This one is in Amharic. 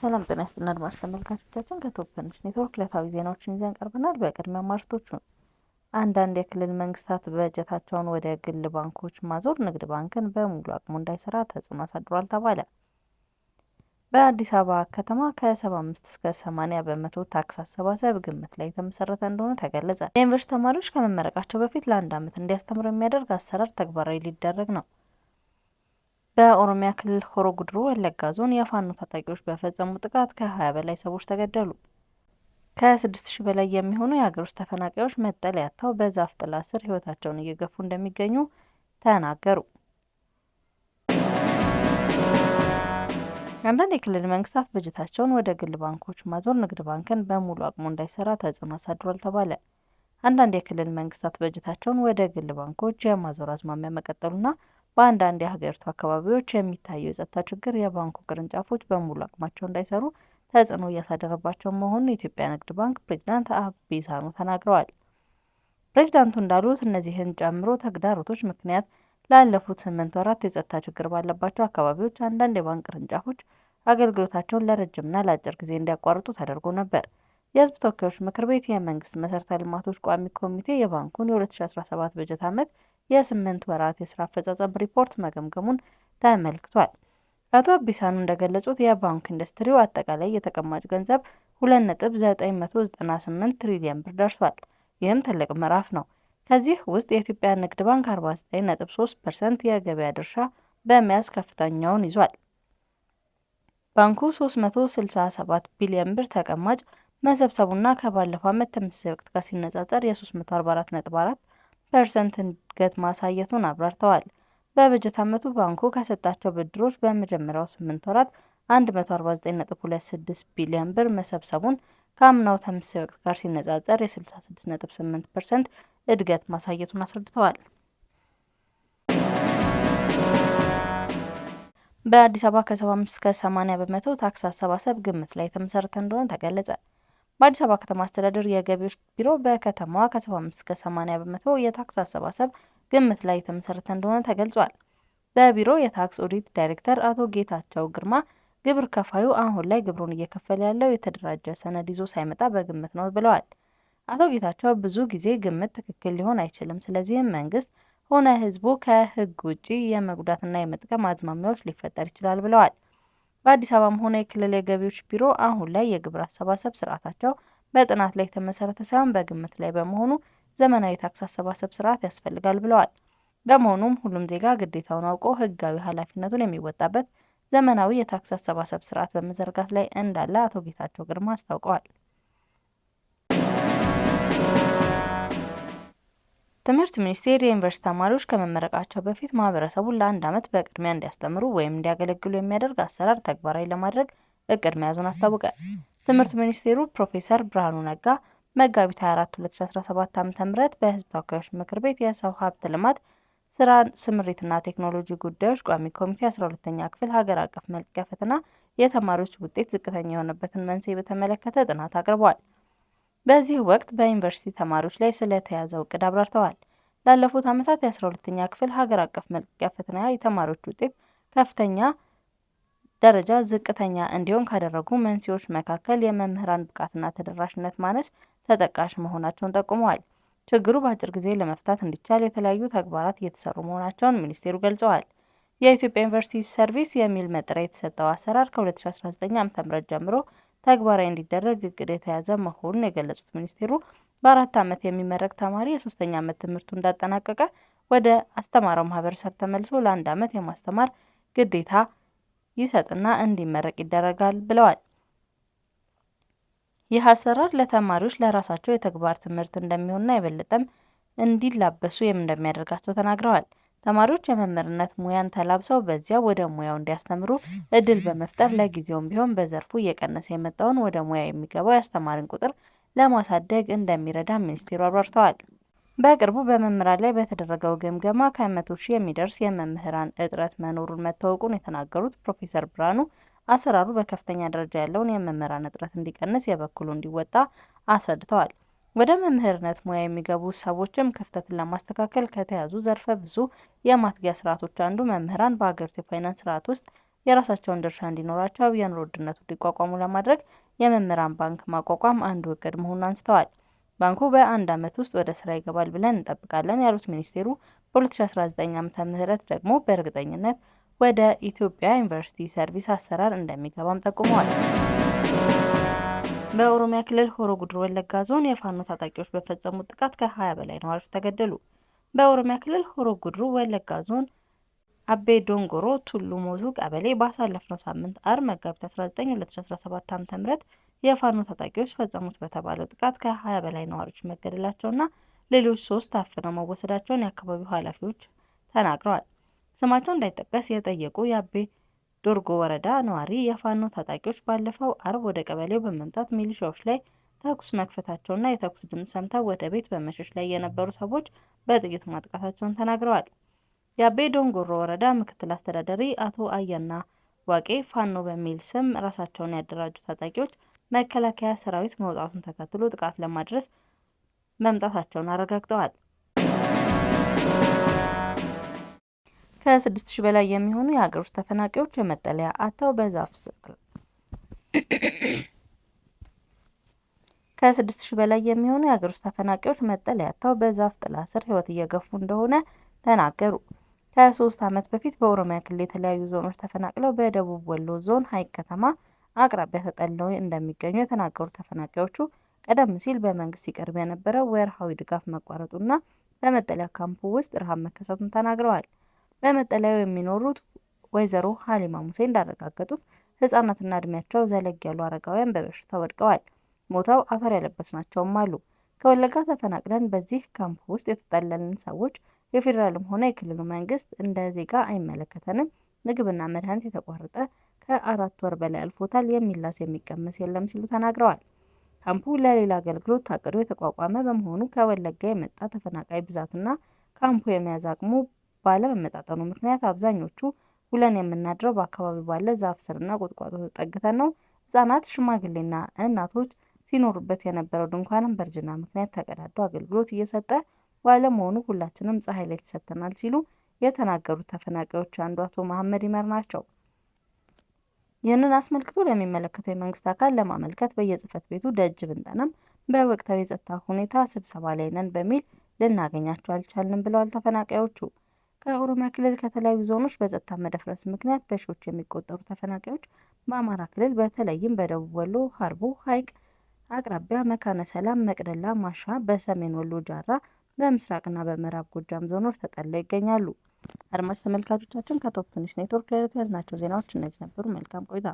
ሰላም ጤና ይስጥልን አድማጭ ተመልካቾቻችን ከቶፕ ኔትወርክ ዕለታዊ ዜናዎችን ይዘን ቀርበናል። በቅድሚያ ማርቶቹ አንዳንድ የክልል መንግስታት በጀታቸውን ወደ ግል ባንኮች ማዞር ንግድ ባንክን በሙሉ አቅሙ እንዳይሰራ ተጽዕኖ አሳድሯል ተባለ። በአዲስ አበባ ከተማ ከ75 እስከ 80 በመቶ ታክስ አሰባሰብ ግምት ላይ የተመሰረተ እንደሆነ ተገለጸ። የዩኒቨርሲቲ ተማሪዎች ከመመረቃቸው በፊት ለአንድ ዓመት እንዲያስተምሩ የሚያደርግ አሰራር ተግባራዊ ሊደረግ ነው። በኦሮሚያ ክልል ሆሮ ጉድሩ ወለጋ ዞን የፋኖ ታጣቂዎች በፈጸሙ ጥቃት ከ20 በላይ ሰዎች ተገደሉ። ከ6000 በላይ የሚሆኑ የሀገር ውስጥ ተፈናቃዮች መጠለያ አጥተው በዛፍ ጥላ ስር ህይወታቸውን እየገፉ እንደሚገኙ ተናገሩ። አንዳንድ የክልል መንግስታት በጀታቸውን ወደ ግል ባንኮች ማዞር ንግድ ባንክን በሙሉ አቅሙ እንዳይሰራ ተጽዕኖ አሳድሯል ተባለ። አንዳንድ የክልል መንግስታት በጀታቸውን ወደ ግል ባንኮች የማዞር አዝማሚያ መቀጠሉና በአንዳንድ የሀገሪቱ አካባቢዎች የሚታየው የጸጥታ ችግር የባንኩ ቅርንጫፎች በሙሉ አቅማቸው እንዳይሰሩ ተጽዕኖ እያሳደረባቸው መሆኑን የኢትዮጵያ ንግድ ባንክ ፕሬዚዳንት አቢ ሳኖ ተናግረዋል። ፕሬዚዳንቱ እንዳሉት እነዚህን ጨምሮ ተግዳሮቶች ምክንያት ላለፉት ስምንት ወራት የጸጥታ ችግር ባለባቸው አካባቢዎች አንዳንድ የባንክ ቅርንጫፎች አገልግሎታቸውን ለረጅምና ለአጭር ጊዜ እንዲያቋርጡ ተደርጎ ነበር። የህዝብ ተወካዮች ምክር ቤት የመንግስት መሰረተ ልማቶች ቋሚ ኮሚቴ የባንኩን የ2017 በጀት ዓመት የስምንት ወራት የስራ አፈጻጸም ሪፖርት መገምገሙን ተመልክቷል። አቶ አቢሳኑ እንደገለጹት የባንክ ኢንዱስትሪው አጠቃላይ የተቀማጭ ገንዘብ 2.998 ትሪሊየን ብር ደርሷል። ይህም ትልቅ ምዕራፍ ነው። ከዚህ ውስጥ የኢትዮጵያ ንግድ ባንክ 49.3% የገበያ ድርሻ በመያዝ ከፍተኛውን ይዟል። ባንኩ 367 ቢሊዮን ብር ተቀማጭ መሰብሰቡና ከባለፈው ዓመት ተመሳሳይ ወቅት ጋር ሲነጻጸር የ344.4 ፐርሰንት እድገት ማሳየቱን አብራርተዋል። በበጀት ዓመቱ ባንኩ ከሰጣቸው ብድሮች በመጀመሪያው ስምንት ወራት 149.26 ቢሊዮን ብር መሰብሰቡን ከአምናው ተመሳሳይ ወቅት ጋር ሲነጻጸር የ66.8% እድገት ማሳየቱን አስረድተዋል። በአዲስ አበባ ከ75 እስከ 80 በመቶ ታክስ አሰባሰብ ግምት ላይ የተመሰረተ እንደሆነ ተገለጸ። በአዲስ አበባ ከተማ አስተዳደር የገቢዎች ቢሮ በከተማዋ ከ75 እስከ 80 በመቶ የታክስ አሰባሰብ ግምት ላይ የተመሰረተ እንደሆነ ተገልጿል። በቢሮ የታክስ ኦዲት ዳይሬክተር አቶ ጌታቸው ግርማ ግብር ከፋዩ አሁን ላይ ግብሩን እየከፈለ ያለው የተደራጀ ሰነድ ይዞ ሳይመጣ በግምት ነው ብለዋል። አቶ ጌታቸው ብዙ ጊዜ ግምት ትክክል ሊሆን አይችልም፣ ስለዚህም መንግስት ሆነ ህዝቡ ከህግ ውጪ የመጉዳትና የመጥቀም አዝማሚያዎች ሊፈጠር ይችላል ብለዋል። በአዲስ አበባም ሆነ የክልል የገቢዎች ቢሮ አሁን ላይ የግብር አሰባሰብ ስርዓታቸው በጥናት ላይ የተመሰረተ ሳይሆን በግምት ላይ በመሆኑ ዘመናዊ የታክስ አሰባሰብ ስርዓት ያስፈልጋል ብለዋል። በመሆኑም ሁሉም ዜጋ ግዴታውን አውቆ ህጋዊ ኃላፊነቱን የሚወጣበት ዘመናዊ የታክስ አሰባሰብ ስርዓት በመዘርጋት ላይ እንዳለ አቶ ጌታቸው ግርማ አስታውቀዋል። ትምህርት ሚኒስቴር የዩኒቨርሲቲ ተማሪዎች ከመመረቃቸው በፊት ማህበረሰቡን ለአንድ ዓመት በቅድሚያ እንዲያስተምሩ ወይም እንዲያገለግሉ የሚያደርግ አሰራር ተግባራዊ ለማድረግ እቅድ መያዙን አስታወቀ። ትምህርት ሚኒስቴሩ ፕሮፌሰር ብርሃኑ ነጋ መጋቢት 24 2017 ዓ.ም በህዝብ ተወካዮች ምክር ቤት የሰው ሀብት ልማት ስራ ስምሪትና ቴክኖሎጂ ጉዳዮች ቋሚ ኮሚቴ 12ኛ ክፍል ሀገር አቀፍ መልቀቂያ ፈተና የተማሪዎች ውጤት ዝቅተኛ የሆነበትን መንስኤ በተመለከተ ጥናት አቅርበዋል። በዚህ ወቅት በዩኒቨርሲቲ ተማሪዎች ላይ ስለተያዘው እቅድ አብራርተዋል። ላለፉት ዓመታት የ12ኛ ክፍል ሀገር አቀፍ መልቀቂያ ፈተና የተማሪዎች ውጤት ከፍተኛ ደረጃ ዝቅተኛ እንዲሆን ካደረጉ መንስኤዎች መካከል የመምህራን ብቃትና ተደራሽነት ማነስ ተጠቃሽ መሆናቸውን ጠቁመዋል። ችግሩ በአጭር ጊዜ ለመፍታት እንዲቻል የተለያዩ ተግባራት እየተሰሩ መሆናቸውን ሚኒስቴሩ ገልጸዋል። የኢትዮጵያ ዩኒቨርሲቲ ሰርቪስ የሚል መጠሪያ የተሰጠው አሰራር ከ2019 ዓ.ም ጀምሮ ተግባራዊ እንዲደረግ እቅድ የተያዘ መሆኑን የገለጹት ሚኒስቴሩ በአራት ዓመት የሚመረቅ ተማሪ የሶስተኛ ዓመት ትምህርቱ እንዳጠናቀቀ ወደ አስተማረው ማህበረሰብ ተመልሶ ለአንድ ዓመት የማስተማር ግዴታ ይሰጥና እንዲመረቅ ይደረጋል ብለዋል። ይህ አሰራር ለተማሪዎች ለራሳቸው የተግባር ትምህርት እንደሚሆንና የበለጠም እንዲላበሱ እንደሚያደርጋቸው ተናግረዋል። ተማሪዎች የመምህርነት ሙያን ተላብሰው በዚያው ወደ ሙያው እንዲያስተምሩ እድል በመፍጠር ለጊዜውም ቢሆን በዘርፉ እየቀነሰ የመጣውን ወደ ሙያ የሚገባው የአስተማሪን ቁጥር ለማሳደግ እንደሚረዳ ሚኒስቴሩ አብራርተዋል። በቅርቡ በመምህራን ላይ በተደረገው ግምገማ ከመቶ ሺህ የሚደርስ የመምህራን እጥረት መኖሩን መታወቁን የተናገሩት ፕሮፌሰር ብርሃኑ አሰራሩ በከፍተኛ ደረጃ ያለውን የመምህራን እጥረት እንዲቀንስ የበኩሉ እንዲወጣ አስረድተዋል። ወደ መምህርነት ሙያ የሚገቡ ሰዎችም ክፍተትን ለማስተካከል ከተያዙ ዘርፈ ብዙ የማትጊያ ስርዓቶች አንዱ መምህራን በሀገሪቱ የፋይናንስ ስርዓት ውስጥ የራሳቸውን ድርሻ እንዲኖራቸው የኑሮ ውድነቱ እንዲቋቋሙ ለማድረግ የመምህራን ባንክ ማቋቋም አንዱ እቅድ መሆኑን አንስተዋል። ባንኩ በአንድ ዓመት ውስጥ ወደ ስራ ይገባል ብለን እንጠብቃለን ያሉት ሚኒስቴሩ በ2019 ዓ.ም ደግሞ በእርግጠኝነት ወደ ኢትዮጵያ ዩኒቨርሲቲ ሰርቪስ አሰራር እንደሚገባም ጠቁመዋል። በኦሮሚያ ክልል ሆሮ ጉድሩ ወለጋ ዞን የፋኖ ታጣቂዎች በፈጸሙት ጥቃት ከ20 በላይ ነዋሪዎች ተገደሉ። በኦሮሚያ ክልል ሆሮ ጉድሩ ወለጋ ዞን አቤ ዶንጎሮ ቱሉ ሞቱ ቀበሌ ባሳለፍነው ሳምንት አር መጋቢት 19 2017 ዓ.ም የፋኖ ታጣቂዎች ፈጸሙት በተባለው ጥቃት ከ20 በላይ ነዋሪዎች መገደላቸውና ሌሎች ሶስት ታፍነው መወሰዳቸውን የአካባቢው ኃላፊዎች ተናግረዋል። ስማቸው እንዳይጠቀስ የጠየቁ የአቤ ዶርጎ ወረዳ ነዋሪ የፋኖ ታጣቂዎች ባለፈው አርብ ወደ ቀበሌው በመምጣት ሚሊሻዎች ላይ ተኩስ መክፈታቸውና የተኩስ ድምፅ ሰምተው ወደ ቤት በመሸሽ ላይ የነበሩ ሰዎች በጥይት ማጥቃታቸውን ተናግረዋል። የአቤ ዶንጎሮ ወረዳ ምክትል አስተዳዳሪ አቶ አያና ዋቄ ፋኖ በሚል ስም ራሳቸውን ያደራጁ ታጣቂዎች መከላከያ ሰራዊት መውጣቱን ተከትሎ ጥቃት ለማድረስ መምጣታቸውን አረጋግጠዋል። ከስድስት ሺህ በላይ የሚሆኑ የሀገር ውስጥ ተፈናቃዮች የመጠለያ አጥተው በዛፍ ስር ከስድስት ሺህ በላይ የሚሆኑ የሀገር ውስጥ ተፈናቃዮች መጠለያ አጥተው በዛፍ ጥላ ስር ህይወት እየገፉ እንደሆነ ተናገሩ። ከሶስት ዓመት በፊት በኦሮሚያ ክልል የተለያዩ ዞኖች ተፈናቅለው በደቡብ ወሎ ዞን ሀይቅ ከተማ አቅራቢያ ተጠልለው እንደሚገኙ የተናገሩት ተፈናቃዮቹ ቀደም ሲል በመንግስት ሲቀርብ የነበረው ወርሃዊ ድጋፍ መቋረጡና በመጠለያ ካምፑ ውስጥ ረሃብ መከሰቱን ተናግረዋል። በመጠለያው የሚኖሩት ወይዘሮ ሀሊማ ሙሴ እንዳረጋገጡት ህጻናትና እድሜያቸው ዘለግ ያሉ አረጋውያን በበሽታ ወድቀዋል። ሞታው አፈር ናቸውም አሉ። ከወለጋ ተፈናቅለን በዚህ ካምፕ ውስጥ የተጠለልን ሰዎች የፌዴራልም ሆነ የክልሉ መንግስት እንደ ዜጋ አይመለከተንም፣ ምግብና መድኃኒት የተቋረጠ ከአራት ወር በላይ አልፎታል፣ የሚላስ የሚቀመስ የለም ሲሉ ተናግረዋል። ካምፑ ለሌላ አገልግሎት ታቅዶ የተቋቋመ በመሆኑ ከወለጋ የመጣ ተፈናቃይ ብዛትና ካምፑ የመያዝ አቅሙ ባለመመጣጠኑ ምክንያት አብዛኞቹ ውለን የምናድረው በአካባቢው ባለ ዛፍ ስርና ቁጥቋጦ ተጠግተን ነው። ህጻናት፣ ሽማግሌና እናቶች ሲኖሩበት የነበረው ድንኳንም በእርጅና ምክንያት ተቀዳዶ አገልግሎት እየሰጠ ባለመሆኑ ሁላችንም ፀሐይ ላይ ተሰጥተናል ሲሉ የተናገሩት ተፈናቃዮች አንዱ አቶ መሀመድ ይመር ናቸው። ይህንን አስመልክቶ ለሚመለከተው የመንግስት አካል ለማመልከት በየጽህፈት ቤቱ ደጅ ብንጠናም በወቅታዊ የጸጥታ ሁኔታ ስብሰባ ላይ ነን በሚል ልናገኛቸው አልቻልንም ብለዋል ተፈናቃዮቹ። ከኦሮሚያ ክልል ከተለያዩ ዞኖች በጸጥታ መደፍረስ ምክንያት በሺዎች የሚቆጠሩ ተፈናቃዮች በአማራ ክልል በተለይም በደቡብ ወሎ ሀርቦ ሐይቅ አቅራቢያ፣ መካነ ሰላም፣ መቅደላ፣ ማሻ፣ በሰሜን ወሎ ጃራ፣ በምስራቅና በምዕራብ ጎጃም ዞኖች ተጠልለው ይገኛሉ። አድማጭ ተመልካቾቻችን ከቶፕ ትንሽ ኔትወርክ ለዕለቱ ያዝናቸው ዜናዎች እነዚህ ነበሩ። መልካም ቆይታ